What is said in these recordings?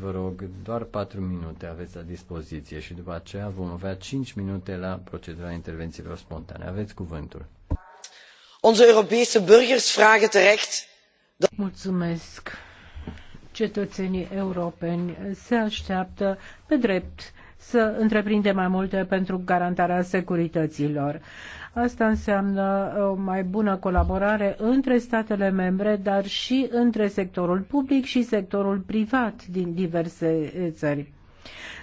Vă rog, doar 4 minute aveți la dispoziție și după aceea vom avea 5 minute la procedura intervențiilor spontane. Aveți cuvântul. Onze europese burgers vragen terecht. Mulțumesc. Cetățenii europeni se așteaptă pe drept să întreprindem mai multe pentru garantarea securităților. Asta înseamnă uh, o mai bună colaborare între statele membre, dar și între sectorul public și sectorul privat din diverse eh, țări.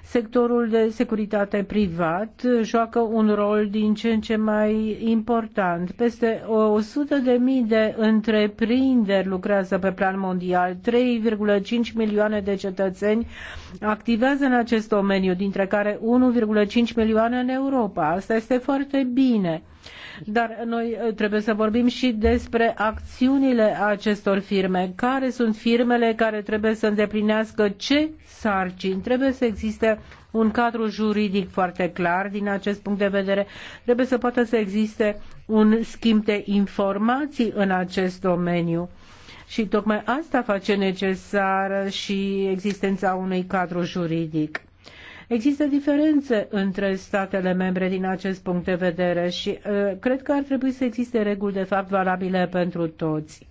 Sectorul de securitate privat eh, joacă un rol din ce în ce mai important. Peste 100.000 de mii de întreprinderi lucrează pe plan mondial, 3,5 milioane de cetățeni activează în acest domeniu, dintre care 1,5 milioane în Europa. Asta este foarte bine. Dar noi uh, trebuie să vorbim și despre acțiunile acestor firme. Care sunt firmele care trebuie să îndeplinească ce sarcini? Trebuie să existe un cadru juridic foarte clar din acest punct de vedere. Trebuie să poată să existe un schimb de informații în acest domeniu. Și tocmai asta face necesară și existența unui cadru juridic. Există diferențe între statele membre din acest punct de vedere și uh, cred că ar trebui să existe reguli de fapt valabile pentru toți.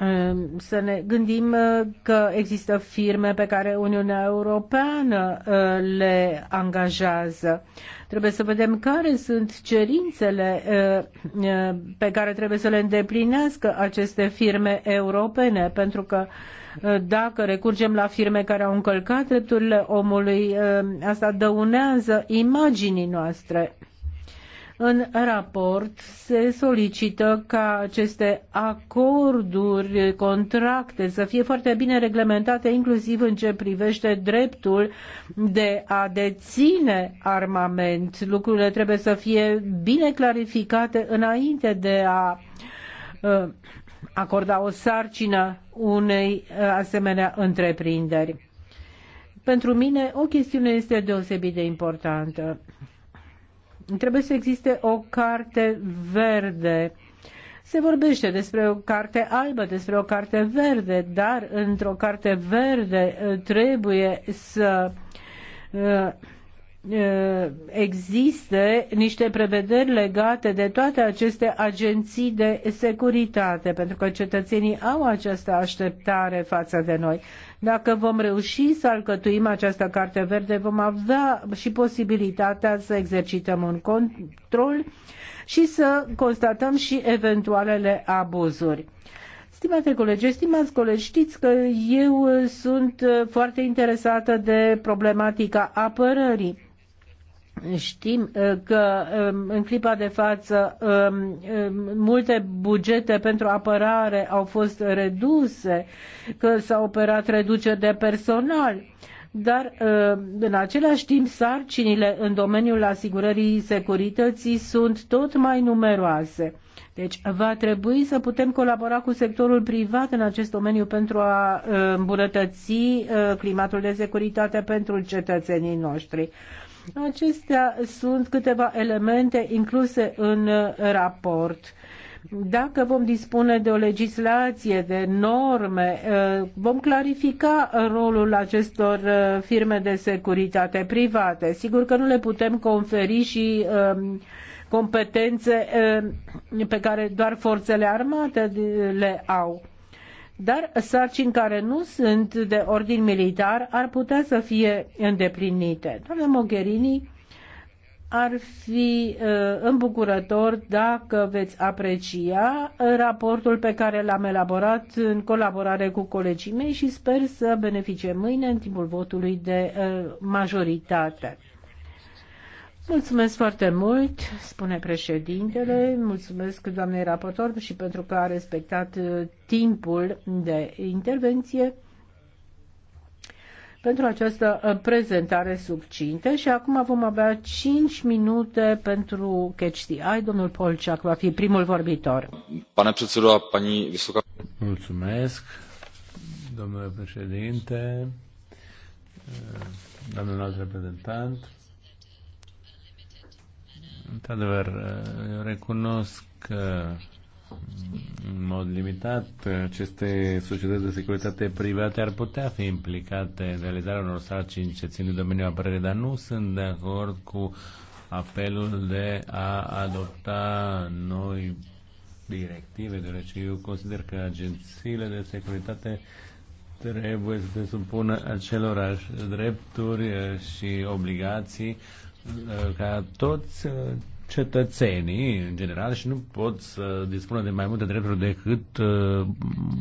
Um, să ne gândim uh, că există firme pe care Uniunea Europeană uh, le angajează. Trebuie să vedem care sunt cerințele pe care trebuie să le îndeplinească aceste firme europene, pentru că dacă recurgem la firme care au încălcat drepturile omului, eh, asta dăunează imaginii noastre. În raport se solicită ca aceste acorduri, contracte să fie foarte bine reglementate, inclusiv în ce privește dreptul de a deține armament. Lucrurile trebuie să fie bine clarificate înainte de a eh, acorda o sarcină unei uh, asemenea întreprinderi. Pentru mine o chestiune este deosebit de importantă. Trebuie să existe o carte verde. Se vorbește despre o carte albă, despre o carte verde, dar într-o carte verde uh, trebuie să uh, Uh, existe niște prevederi legate de toate aceste agenții de securitate, pentru că cetățenii au această așteptare față de noi. Dacă vom reuși să alcătuim această carte verde, vom avea și posibilitatea să exercităm un control și să constatăm și eventualele abuzuri. Stimate colegi, stimați colegi, știți că eu sunt foarte interesată de problematica apărării Știm uh, că um, în clipa de față um, um, multe bugete pentru apărare au fost reduse, că s-au operat reduceri de personal, dar în același timp sarcinile în domeniul asigurării securității sunt tot mai numeroase. Deci va trebui să putem colabora cu sectorul privat în acest domeniu pentru a uh, îmbunătăți uh, climatul de securitate pentru cetățenii noștri. Acestea sunt câteva elemente incluse în uh, raport. Dacă vom dispune de o legislație, de norme, uh, vom clarifica rolul acestor uh, firme de securitate private. Sigur că nu le putem conferi și um, competențe pe care doar forțele armate le au dar sarcini care nu sunt de ordin militar ar putea să fie îndeplinite. Doamne Mogherini, ar fi uh, îmbucurător dacă veți aprecia raportul pe care l-am elaborat în colaborare cu colegii mei și sper să beneficiem mâine în timpul votului de uh, majoritate. Mulțumesc foarte mult, spune președintele. Mulțumesc doamnei raportor și pentru că a respectat uh, timpul de intervenție pentru această uh, prezentare subcinte și acum vom avea 5 minute pentru Catch the Eye. Domnul Polciac va fi primul vorbitor. Pane předsedo, paní vysoká... Mulțumesc, domnule președinte, uh, domnul alt reprezentant, Într-adevăr, eu recunosc că în mod limitat aceste societăți de securitate private ar putea fi implicate în realizarea unor sarcini ce țin de domeniul apărării, dar nu sunt de acord cu apelul de a adopta noi directive, deoarece eu consider că agențiile de securitate trebuie să se supună acelorași drepturi și obligații ca toți uh, cetățenii în general și nu pot să dispună de mai multe drepturi decât uh,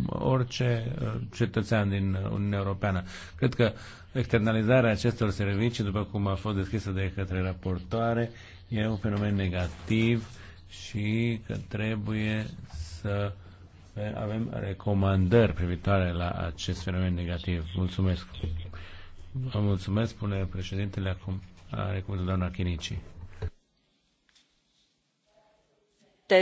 orice uh, cetățean din Uniunea Europeană. Cred că externalizarea acestor servicii, după cum a fost descrisă de către raportoare, e un fenomen negativ și că trebuie să avem recomandări privitoare la acest fenomen negativ. Mulțumesc! Vă mulțumesc, spune președintele acum are cuvântul doamna Chinici. Eh,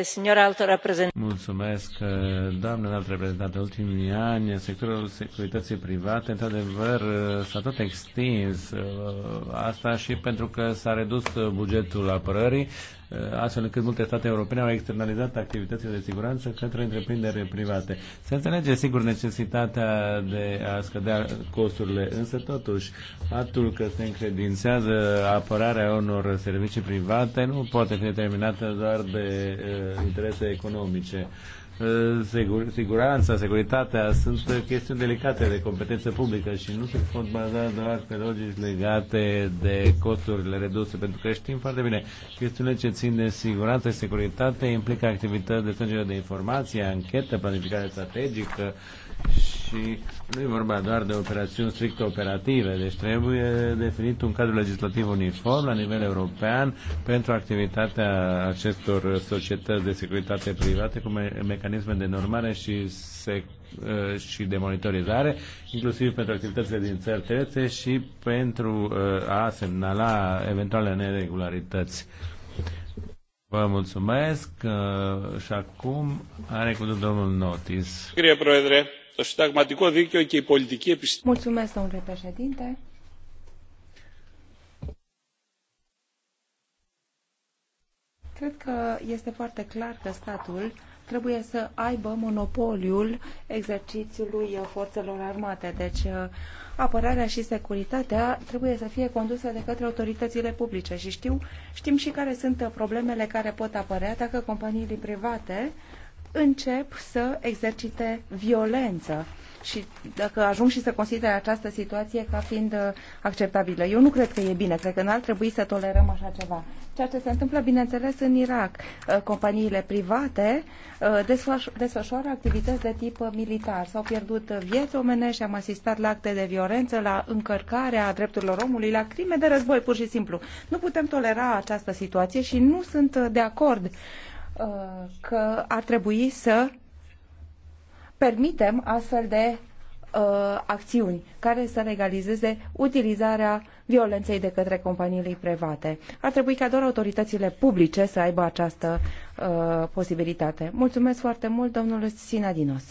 doamnă înalt reprezentant. În ultimii ani, sectorul securității private, într-adevăr, eh, s-a tot extins. Eh, asta și pentru că s-a redus bugetul apărării, astfel încât multe state europene au externalizat activitățile de siguranță către întreprinderi private. Se înțelege, sigur, necesitatea de a scădea costurile, însă, totuși, faptul că se încredințează apărarea unor servicii private nu poate fi determinată doar de interese economice. Uh, Sigur, siguranța, securitatea sunt chestiuni delicate de competență publică și nu se pot baza doar pe logici legate de costurile reduse, pentru că știm foarte bine, chestiunile ce țin de siguranță și securitate implică activități de strângere de informație, anchetă, planificare strategică și și nu e vorba doar de operațiuni strict operative, deci trebuie definit un cadru legislativ uniform la nivel european pentru activitatea acestor societăți de securitate private cu me- mecanisme de normare și, uh, și de monitorizare, inclusiv pentru activitățile din țări terțe și pentru uh, a semnala eventuale neregularități. Vă mulțumesc uh, și acum are cuvântul domnul Notis. Scrie, proedre συνταγματικό δίκαιο και η πολιτική επιστήμη. Cred că este foarte clar că statul trebuie să aibă monopoliul exercițiului forțelor armate. Deci apărarea și securitatea trebuie să fie condusă de către autoritățile publice și știu, știm și care sunt problemele care pot apărea dacă companiile private uh, încep să exercite violență și dacă ajung și să consider această situație ca fiind uh, acceptabilă. Eu nu cred că e bine, cred că n-ar trebui să tolerăm așa ceva. Ceea ce se întâmplă, bineînțeles, în Irak, uh, companiile private uh, desfășoară activități de tip militar. S-au pierdut vieți omenești, am asistat la acte de violență, la încărcarea drepturilor omului, la crime de război, pur și simplu. Nu putem tolera această situație și nu sunt de acord Uh, că ar trebui să permitem astfel de uh, acțiuni care să legalizeze utilizarea violenței de către companiile private. Ar trebui ca doar autoritățile publice să aibă această uh, posibilitate. Mulțumesc foarte mult, domnule Sinadinos.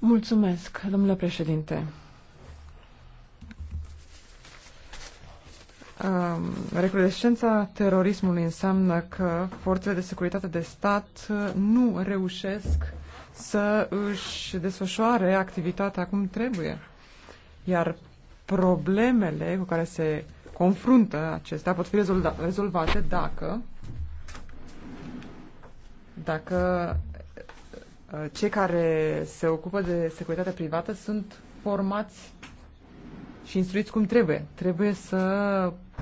Mulțumesc, domnule președinte. Um, recrudescența terorismului înseamnă că forțele de securitate de stat uh, nu reușesc să își desfășoare activitatea cum trebuie. Iar problemele cu care se confruntă acestea pot fi rezolvate dacă dacă uh, cei care se ocupă de securitatea privată sunt formați și instruiți cum trebuie. Trebuie să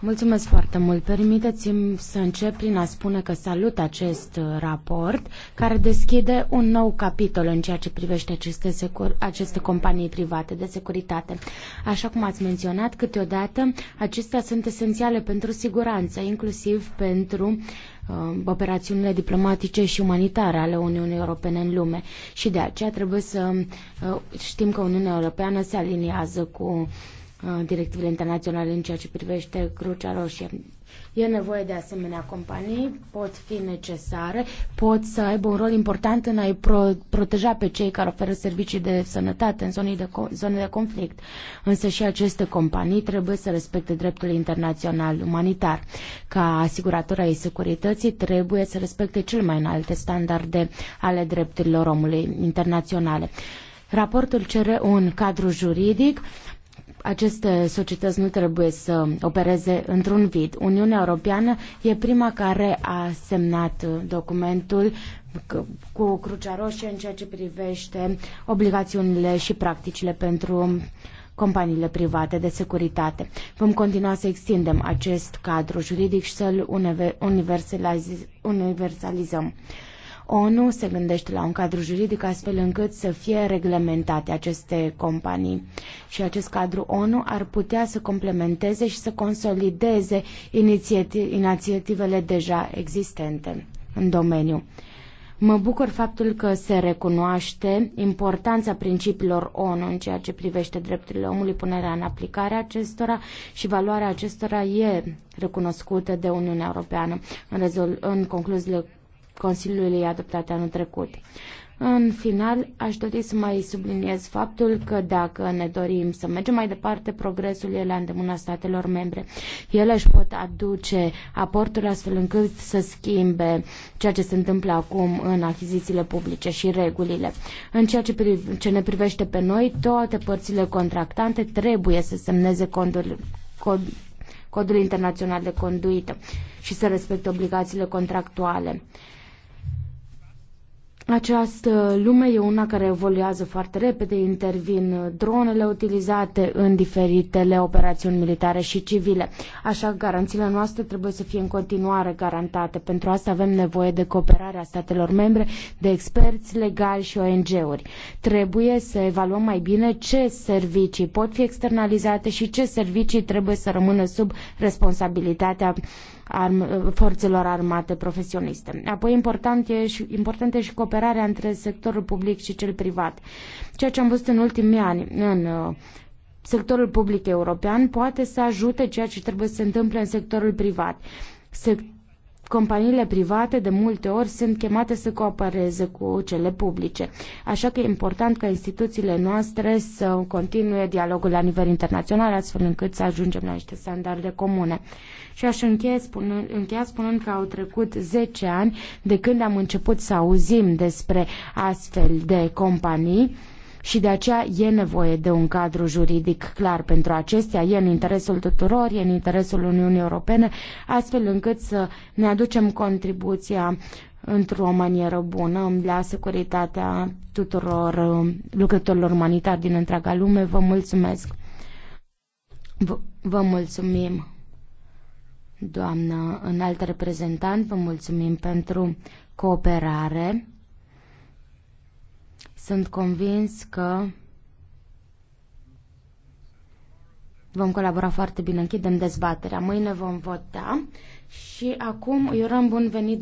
Mulțumesc foarte mult. Permiteți-mi să încep prin a spune că salut acest uh, raport care deschide un nou capitol în ceea ce privește aceste, secur- aceste companii private de securitate. Așa cum ați menționat, câteodată acestea sunt esențiale pentru siguranță, inclusiv pentru uh, operațiunile diplomatice și umanitare ale Uniunii Europene în lume și de aceea trebuie să uh, știm că Uniunea Europeană se aliniază cu uh, Uh, directivele internaționale în ceea ce privește Crucea Roșie. E nevoie de asemenea companii, pot fi necesare, pot să aibă un rol important în a-i pro- proteja pe cei care oferă servicii de sănătate în zone de, zone de conflict. Însă și aceste companii trebuie să respecte dreptul internațional umanitar. Ca asigurator ai securității trebuie să respecte cel mai înalte standarde ale drepturilor omului internaționale. Raportul cere un cadru juridic aceste societăți nu trebuie să opereze într-un vid. Uniunea Europeană e prima care a semnat uh, documentul cu Crucea Roșie în ceea ce privește obligațiunile și practicile pentru companiile private de securitate. Vom continua să extindem acest cadru juridic și să-l universalizăm. ONU se gândește la un cadru juridic astfel încât să fie reglementate aceste companii. Și acest cadru ONU ar putea să complementeze și să consolideze inițiativ inițiativele deja existente în domeniu. Mă bucur faptul că se recunoaște importanța principiilor ONU în ceea ce privește drepturile omului, punerea în aplicare acestora și valoarea acestora e recunoscută de Uniunea Europeană. În, rezol- în concluziile Consiliului adoptate anul trecut. În final, aș dori să mai subliniez faptul că dacă ne dorim să mergem mai departe, progresul e la îndemâna statelor membre. Ele își pot aduce aportul astfel încât să schimbe ceea ce se întâmplă acum în achizițiile publice și regulile. În ceea ce, pri- ce ne privește pe noi, toate părțile contractante trebuie să semneze condul, cod, codul internațional de conduită și să respecte obligațiile contractuale. Această lume e una care evoluează foarte repede, intervin dronele utilizate în diferitele operațiuni militare și civile. Așa că garanțiile noastre trebuie să fie în continuare garantate. Pentru asta avem nevoie de cooperarea statelor membre, de experți legali și ONG-uri. Trebuie să evaluăm mai bine ce servicii pot fi externalizate și ce servicii trebuie să rămână sub responsabilitatea uh, arm, forțelor armate profesioniste. Apoi important e și, importantă e și cooperarea între sectorul public și cel privat. Ceea ce am văzut în ultimii ani în uh, sectorul public european poate să ajute ceea ce trebuie să se întâmple în sectorul privat. Sect- companiile private de multe ori sunt chemate să coopereze cu cele publice. Așa că e important ca instituțiile noastre să continue dialogul la nivel internațional, astfel încât să ajungem la niște standarde comune. Și aș încheia spunând, încheia spunând că au trecut 10 ani de când am început să auzim despre astfel de companii și de aceea e nevoie de un cadru juridic clar pentru acestea, e în interesul tuturor, e în interesul Uniunii Europene, astfel încât să ne aducem contribuția într-o manieră bună la securitatea tuturor uh, lucrătorilor umanitari din întreaga lume. Vă mulțumesc! V- vă mulțumim, doamnă înalt reprezentant, vă mulțumim pentru cooperare. Sunt convins că vom colabora foarte bine. Închidem dezbaterea. Mâine vom vota și acum îi urăm bun venit